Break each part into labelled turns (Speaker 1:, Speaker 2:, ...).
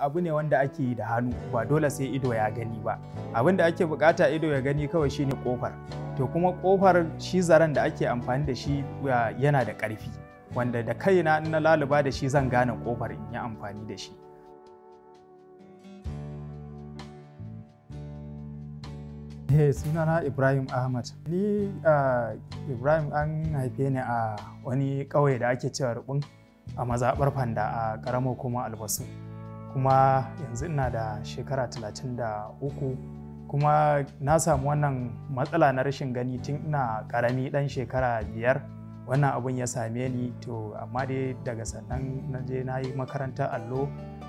Speaker 1: abu ne wanda ake yi da hannu ba dole sai ido ya gani ba abin da ake bukata ido ya gani kawai shine kofar to kuma kofar shi zaren da ake amfani da shi yana da karfi wanda da kaina na laluba da shi zan gane kofar in yi amfani da shi Hey, eh, sunana Ibrahim Ahmad. Ni Ibrahim an haife ni a wani ƙauye da ake cewa rubun a mazaɓar fanda a karamo ƙaramar kuma albasu. kuma yanzu ina da shekara 33 kuma na samu wannan matsala na rashin gani tun ina karami dan shekara biyar wannan abun ya same ni to amma dai daga sannan na je na yi makarantar allo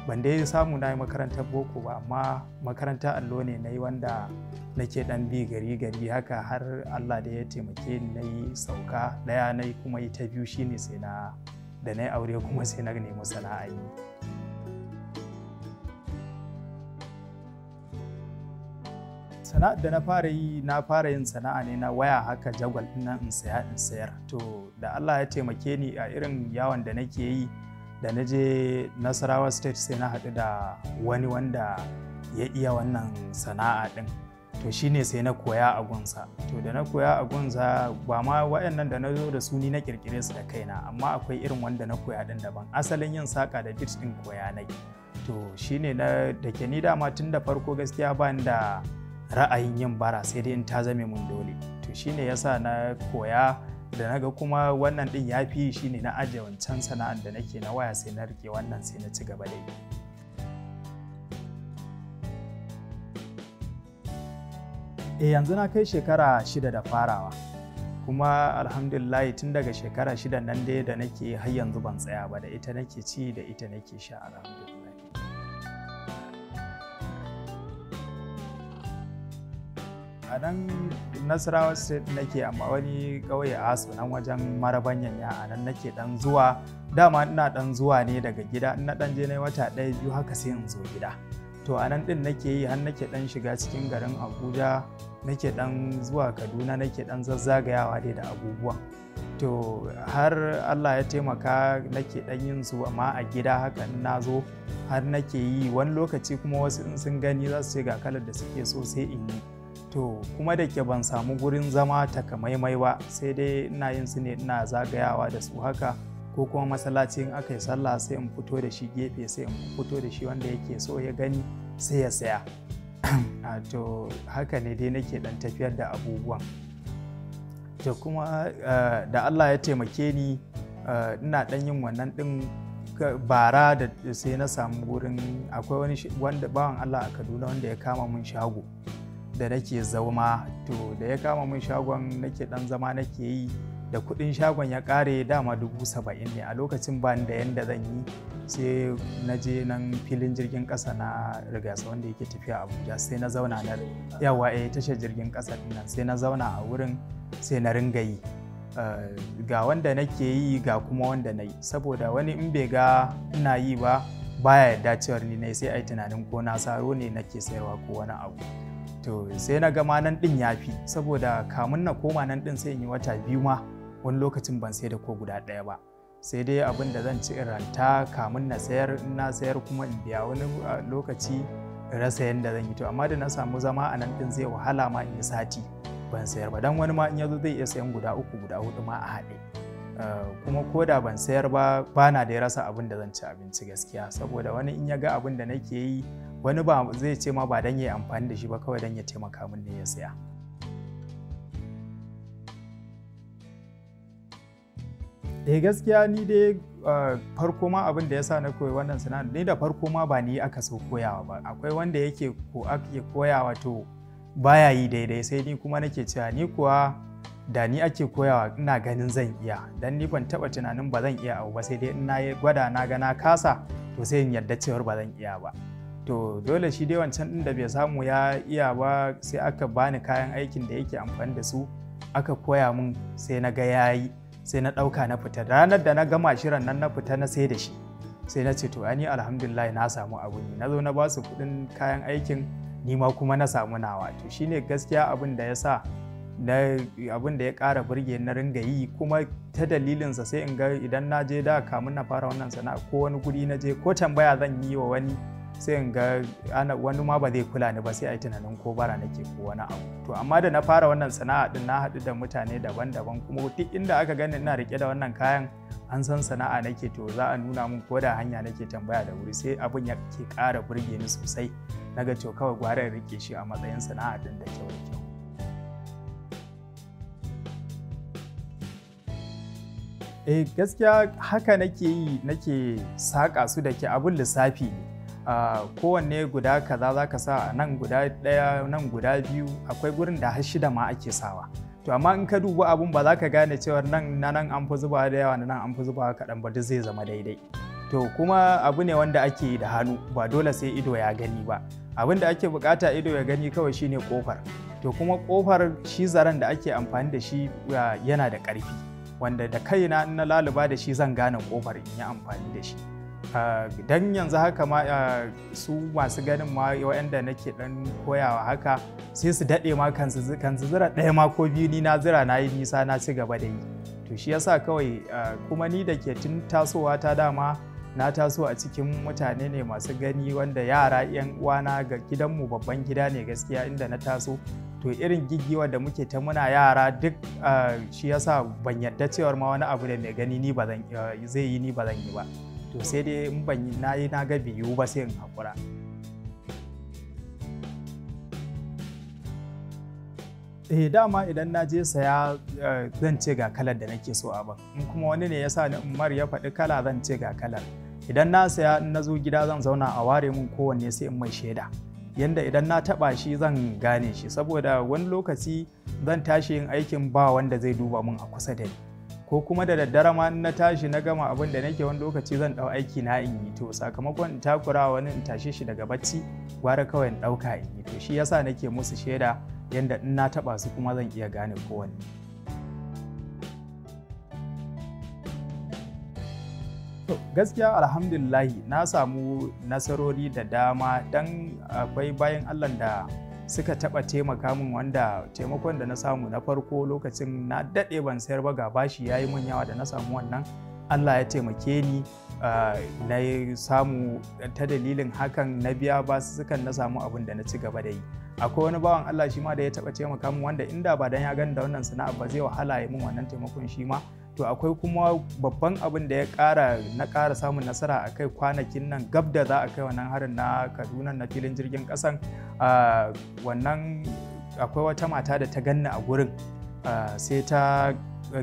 Speaker 1: ban dai samu na yi makarantar boko ba amma makarantar allo ne na yi wanda nake dan bi gari gari haka har allah da ya taimake ni na yi sauka daya na yi kuma ita biyu shine sai na da na yi aure kuma sai na nemi sana'a yi sana'ar da na fara yi na fara yin sana'a ne na waya haka jagwal nan in saya in sayar to da Allah ya taimake ni a irin yawon da nake yi da na je nasarawa state sai na haɗu da wani wanda ya iya wannan sana'a ɗin to shine sai na koya a gunsa to da na koya a gunsa ba ma waɗannan da na zo da su ni na kirkire su da kaina amma akwai irin wanda na koya din daban asalin yin saƙa da bit ɗin koya nake to shine na da ke ni dama tun da farko gaskiya ba da ra'ayin yin bara sai dai in ta zame mun dole to shine yasa na koya da naga kuma wannan din ya fi shine na ajiye wancan sana'ar da nake na waya sai na rike wannan sai na ci gaba da yi e yanzu na kai shekara shida da farawa kuma alhamdulillah tun daga shekara shida nan dai da nake har yanzu ban tsaya ba da ita nake ci da ita nake sha alhamdulillah nan nasarawa state nake amma wani kauye a hasu nan wajen marabanyan ya a nan nake dan zuwa dama ina dan zuwa ne daga gida ina dan je ne wata ɗaya biyu haka sai in zo gida to a nan ɗin nake yi har nake dan shiga cikin garin abuja nake dan zuwa kaduna nake dan zazzagayawa dai da abubuwa to har allah ya taimaka nake dan yin su amma a gida haka na zo har nake yi wani lokaci kuma wasu in sun gani za su ce ga kalar da suke so sai in yi to kuma da ke ban samu gurin zama takamaimai ba sai dai ina yin su ne ina zagayawa da su haka ko kuma masallaci aka yi sallah sai in fito da shi gefe sai in fito da shi wanda yake so ya gani sai ya saya ah, to haka ne dai nake dan tafiyar da abubuwan to kuma eh, da Allah ya taimake ni eh, ina dan yin wannan din bara da sai na samu gurin akwai wani wanda bawan Allah a Kaduna wanda ya kama mun shago da nake zauma to da ya kama min shagon nake dan zama nake yi da kudin shagon ya kare dama dubu saba'in ne a lokacin ba da yanda zan yi sai na je nan filin jirgin kasa na rigasa wanda yake tafiya abuja sai na zauna na yawa eh tashar jirgin kasa nan sai na zauna a wurin sai na ringa yi eh, ga wanda nake yi ga kuma wanda na saboda wani in bai ga ina yi ba baya yarda cewar ni ne sai ai tunanin ko na saro ne nake sayarwa ko wani abu to sai na ga nan ɗin ya fi saboda kamun na koma nan din sai in yi wata biyu ma wani lokacin ban sai da ko guda ɗaya ba sai dai abin da zan ci ranta kamun na sayar na sayar kuma in biya wani lokaci rasa yadda zan yi to amma da na samu zama a nan ɗin zai wahala ma in yi sati ban sayar ba dan wani ma in yazo zai iya sayan guda uku guda hudu ma a haɗe eh, kuma ko da ban sayar ba bana da ya rasa abin da zan ci abinci gaskiya saboda wani in ya ga abin da nake yi wani ba zai ce ma ba dan ya amfani da shi ba kawai don ya taimaka min ne ya saya Da eh gaskiya ni dai ah, farko ma abin da ya sa na koyi wannan sinadu, ni da farko ma ba ni aka so koyawa ba akwai wanda yake ko ake koyawa to baya yi daidai sai ni kuma nake cewa ni kuwa da ni ake koyawa ina ganin zan iya dan ni ban taba tunanin ba zan iya abu ba sai dai ina na gwada na ga na kasa to sai in yarda cewar ba zan iya ba to dole shi dai wancan ɗin da bai samu ya iya ba sai aka bani kayan aikin da yake amfani da su aka koya min sai na ga yayi sai na ɗauka na fita ranar da na gama shirin nan na fita na sai da shi sai na ce to ani alhamdulillah na samu abu ne na zo na ba su kuɗin kayan aikin ni ma kuma na samu nawa to shine gaskiya abin da ya sa na abin da ya ƙara burge na ringa yi kuma ta dalilinsa sai in ga idan na je da kamun na fara wannan sana'a ko wani guri na je ko tambaya zan yi wa wani sai in ga wani ma ba zai kula ni ba sai a yi tunanin ko bara nake ko wani abu to amma da na fara wannan sana'a din na haɗu da mutane daban-daban kuma duk inda aka gani ina rike da wannan kayan an san sana'a nake to za a nuna min ko da hanya nake tambaya da wuri sai abin ya ke ƙara burge ni sosai na ga to kawai gwara rike shi a matsayin sana'a din da kyau kyau eh gaskiya haka nake yi nake saƙa su da ke abin lissafi ne kowanne guda kaza za ka sa nan guda ɗaya nan guda biyu akwai gurin da har shida ma ake sawa to amma in ka duba abun ba za ka gane cewar nan na nan an fi zubawa da yawa na nan an fi zubawa kaɗan ba duk zai zama daidai to kuma abu ne wanda ake yi da hannu ba dole sai ido ya gani ba abin da ake bukata ido ya gani kawai shine kofar to kuma kofar shi zaren da ake amfani da shi yana da ƙarfi wanda da kaina na laluba da shi zan gane kofar in yi amfani da shi don yanzu haka ma su masu ganin ma waɗanda nake ɗan koyawa haka sai su daɗe ma kan su zira ɗaya ma ko biyu ni na zira na yi nisa na ci gaba da yi to shi yasa kawai kuma ni da ke tun tasowa ta dama na taso a cikin mutane ne masu gani wanda yara yan uwana ga gidanmu babban gida ne gaskiya inda na taso to irin gigiwa da muke ta muna yara duk shi yasa ban yadda cewar ma wani abu da mai gani ni ba zai yi ni ba zan yi ba to sai dai in ban na yi na ga biyu ba sai in haƙura eh dama idan na je saya eh, zan ce ga kalar da nake so a ban in kuma wani ne ya sa ni umar ya faɗi kala zan ce ga kalar idan na saya in na zo gida zan zauna a ware min kowanne sai in mai shaida yanda idan na taɓa shi zan gane shi saboda wani lokaci zan tashi yin aikin ba wanda zai duba min a kusa da ni ko kuma da daddare ma na tashi na gama abin da nake wani lokaci zan dau aiki na in yi to sakamakon in takura wani in tashe shi daga bacci gwara kawai in ɗauka in yi to shi yasa nake musu shaida yanda in na taba su kuma zan iya gane kowanne. gaskiya alhamdulillahi na samu nasarori da dama dan akwai bayan allah da suka taɓa taimaka min wanda taimakon da na samu na farko lokacin na daɗe ban sayar ba ga bashi ya yi min yawa da na samu wannan allah ya taimake ni ah, na samu ta dalilin hakan na biya su sukan na samu abin da na ci gaba da yi akwai wani bawan allah shi ma da ya taɓa taimaka min wanda inda ba dan ya gani da wannan sana'a ba zai wahala ya min wannan taimakon shi ma to akwai kuma babban abin da ya kara na kara samun nasara a kai kwanakin nan gab da za a kai wannan harin na kaduna na filin jirgin kasan wannan akwai wata mata da ta ganni a gurin sai ta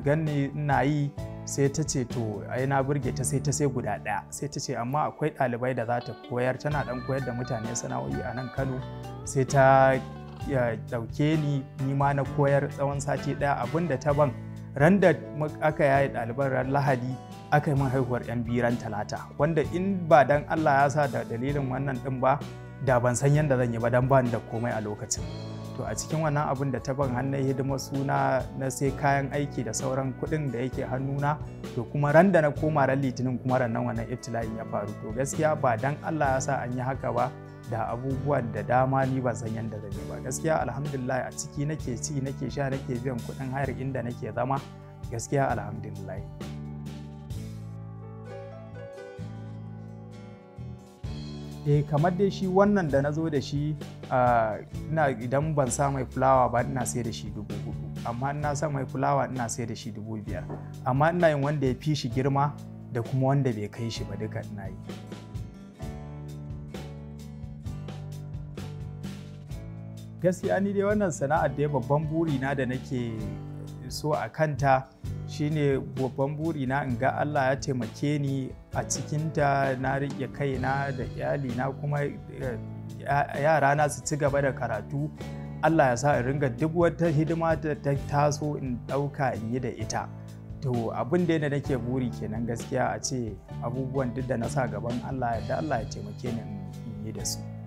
Speaker 1: ganni ina yi sai ta ce to ai na burge ta sai ta sai guda ɗaya sai ta ce amma akwai ɗalibai da za ta koyar tana ɗan koyar da mutane sana'o'i a nan kano sai ta ya ɗauke ni ni ma na koyar tsawon sati ɗaya abin da ta ban ran da aka yaye ɗaliban ran lahadi aka yi min haihuwar yan biran talata wanda in ba dan allah ya sa da dalilin wannan din ba da ban san yadda zan yi ba dan ban da komai a lokacin to a cikin wannan abin da ta ban hannun hidima suna na sai kayan aiki da sauran kuɗin da yake hannuna to kuma ran da na koma ran litinin kuma ran nan wannan iftila'in ya faru to gaskiya ba dan allah ya sa an yi haka ba da abubuwan da dama ni ban san yadda zan yi ba gaskiya alhamdulillah a ciki nake ci nake sha nake biyan kuɗin hayar inda nake zama gaskiya alhamdulillah e kamar dai shi wannan da na zo da shi ina idan ban sa mai fulawa ba ina sai da shi dubu hudu amma ina sa mai fulawa ina sai da shi dubu biyar amma ina yin wanda ya fi shi girma da kuma wanda bai kai shi ba duka ina yi gaskiya ni dai wannan sana'ar da babban burina da nake so a kanta shine babban burina in ga Allah ya taimake ni a cikinta na riƙe kaina da iyalina kuma eh, yarana su ci gaba da karatu Allah ya sa in ringa duk wata hidima da ta taso in ɗauka in yi da ita to abin da da nake buri kenan gaskiya a ce abubuwan duk da na sa gaban Allah ya Allah ya taimake ni in yi da su